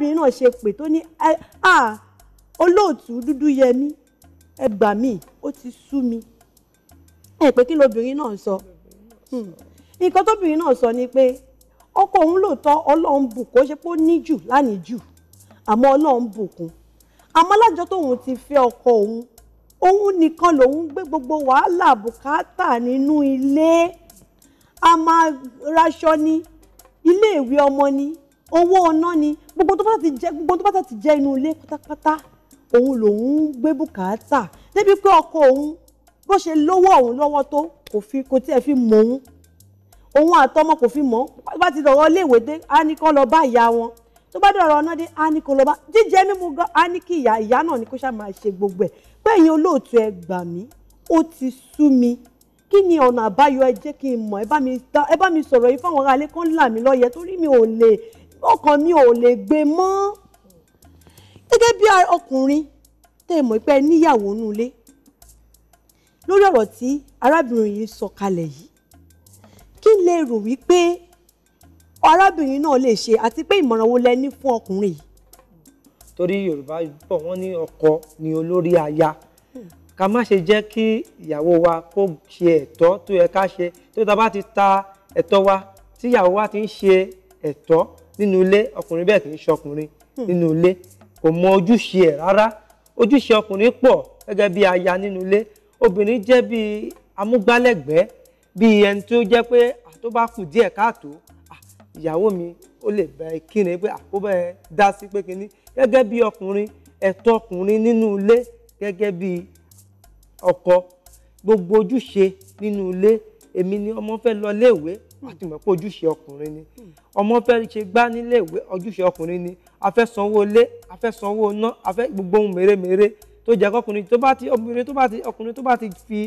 arábìnrin náà ṣe pè tó ní olóòtú Dúdúyẹmí ẹ gbà mí ó ti sú mi ẹ pé kí lobìnrin náà sọ hmm. nǹkan tóbìnrin náà sọ ni pé ọkọ òun lóòótọ́ Ọlọ́run bùkún ó ṣe pé ó ní jù lánìí jù àmọ́ Ọlọ́run bùkún àmọ́ lájọ tóun ti fẹ́ ọkọ òun òun nìkan lòun gbé gbogbo wàhálà bùkátà nínú ilé a máa raṣọ ní iléèwé ọmọ ni owó ọ̀nà ni gbogbo tó bá ti jẹ gbogbo tó bá ti jẹ inú ilé pátápátá òun lòun ń gbé bùkátà débi pé ọkọ òun bó ṣe lówó òun lọ́wọ́ tó kò fi kò tiẹ̀ fi mọ òun òun àtọmọ kò fi mọ bá ti dọ̀rọ̀ iléèwé dé á ní kó lọ bá ìyá wọn tó bá dọ̀rọ̀ ọ̀nà dé á ní kó lọ bá jíjẹ mímu gan á ní kí ìyá ìyá náà ní kó ṣáà máa ṣe gbogbo ẹ̀ pé ẹ̀yin olóòtú ẹ gbà mí ó ti sú mi kí ni ọ̀nà àbáyọ ẹ jẹ́ kí n mọ̀ ẹ bá mi sọ̀rọ̀ yìí fáwọn aráalé kan là mí lóye torí mi ò lè ọkàn mi ò lè gbé mọ́ gẹ́gẹ́ bí ọkùnrin tẹ́ mọ̀ pé níyàwó nulé lórí ọ̀rọ̀ tí arábìnrin yìí sọ kalẹ̀ yìí kí lè rò wípé arábìnrin náà lè ṣe àti pé ìmọ̀ràn wo lẹ ní fún ọkùnrin yìí. torí yorùbá pọ̀ wọ́n ní ọkọ ni olórí aya ká má ṣe jẹ́ kí ìyàwó wa kó ṣe ẹ̀tọ́ tó yẹ ká ṣe tó tá bá ti ta ẹ̀tọ́ wa tíyàwó wa ti ń ṣe ẹ̀tọ́ nínú ilé ọkùnrin bẹ́ẹ̀ kì í ṣe ọkùnrin hmm. nínú ilé kò mọ ojúṣe ẹ̀ rárá ojúṣe ọkùnrin pọ̀ gẹ́gẹ́ bí aya nínú ilé obìnrin jẹ́ bí amúgbálẹ́gbẹ̀ẹ́ bí ẹni tó jẹ́ pé àtó bá kù díẹ̀ káàtó ìyàwó mi ó lè bẹ kíni pé àkóbá ẹ dá sí pé kíní gẹ́gẹ́ bí ọkùnrin ẹ̀tọ́ ọkùnrin nínú ilé gẹ́gẹ́ bí ọkọ gbogbo ojúṣe nínú ilé èmi ni ọmọ fẹ́ lọ léèwé àti mọ̀ pé ojúṣe ọkùnrin ni ọmọ fẹ́ ṣe gbá nílé ìwé ojúṣe ọkùnrin ni a fẹ́ sanwó ilé a fẹ́ sanwó iná a fẹ́ gbogbo ohun mèremère tó jẹ́ kọkùnrin tó bá ti obìnrin tó bá ti ọkùnrin tó bá ti fi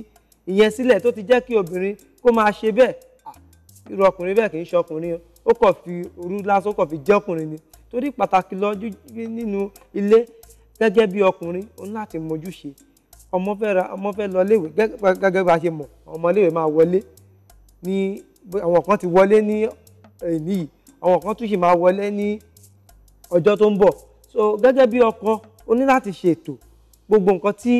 ìyẹn sílẹ̀ tó ti jẹ́ kí obìnrin kó máa ṣe bẹ́ẹ̀ irú ọkùnrin bẹ́ẹ̀ kì í ṣe ọkùnrin ó kàn fi òru lásán ó kàn fi jẹ́ ọkùnrin ni torí pàtàkì lọ nínú ilé gẹ́gẹ́ bí ọkùnrin ó ní láti mojúṣe ọmọ fẹ́ ra ọmọ fẹ́ lọ léwe gẹ́gẹ́ bá ṣe mọ̀ ọmọ léwe máa wọlé ní àwọn kan ti wọlé ní èní yìí àwọn kan tún sì máa wọlé ní ọjọ́ tó ń bọ̀ so gẹ́gẹ́ bí ọkọ o ní láti ṣètò gbogbo nǹkan tí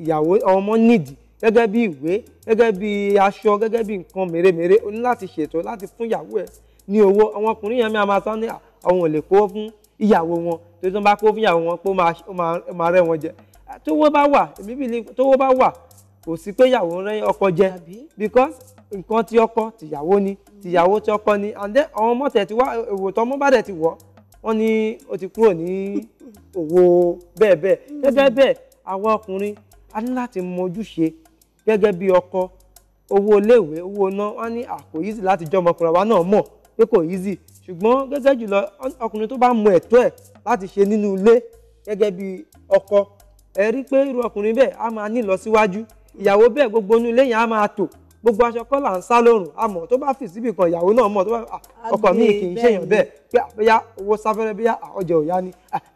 ìyàwó ọmọ nídìí gẹ́gẹ́ bí ìwé gẹ́gẹ́ bí aṣọ gẹ́gẹ́ bí nǹkan mèremère o ní láti ṣètò láti fún ìyàwó ẹ ní owó àwọn ọkùnrin yẹn máa sọ ní àwọn ò lè kó fún ìyàwó wọn tó tó ń bá kó fún ìyàwó wọn pé ó máa rẹ́ wọn jẹ tówó bá wà èmi bìí tówó bá wà kò sí pé ìyàwó rẹ́ ọkọ jẹ because nǹkan tí ọkọ tìyàwó ni tìyàwó tí ọkọ ni and then àwọn ọmọ tẹ̀ ti wá èwò tọmọ bá dẹ̀ ti wọ̀ wọ́n ní ó ti kúrò ní òwò bẹ́ẹ̀ bẹ́ẹ̀ mm. gẹ́gẹ́ bẹ́ẹ̀ àwọn ọkùnrin a ní láti mọ ojúṣe gẹ́gẹ́ bí ọkọ owó iléèwé owó iná wọn ní àpò easy láti jọ ọmọkùnrin àwa náà mọ̀ pé kò easy ṣùgbọ́n gẹ́gẹ́ jùlọ ọkùnrin tó bá mọ ẹ̀tọ́ ẹ̀ láti ṣe nínú ilé gẹ́gẹ́ bí ọkọ ẹ rí pé irú ọkùnrin bẹ́ẹ̀ á máa ní ìlọsíwájú ìyàwó bẹ́ẹ̀ gbogbo inú ilé yẹn á máa tò gbogbo aṣọ kọ́ là ń sá lórùn àmọ́ tó bá fì síbì kan ìyàwó náà mọ̀ tó bá ọkọ mi kì í ṣèyàn bẹ́ẹ̀ pé àbẹ́yà owó sáfẹ́rẹ́ bẹ́yà ọjà ò yá ni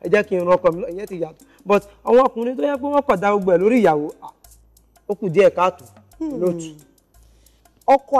ẹ jẹ́ kí n ran ọkọ mi ìyẹn ti yàtọ̀ but àwọn ọkùnrin tó yẹ pé wọ́n kọ̀ da gbogbo ẹ̀ lórí ìyàwó ó kù díẹ̀ káàtó hmm. lótú. ọkọ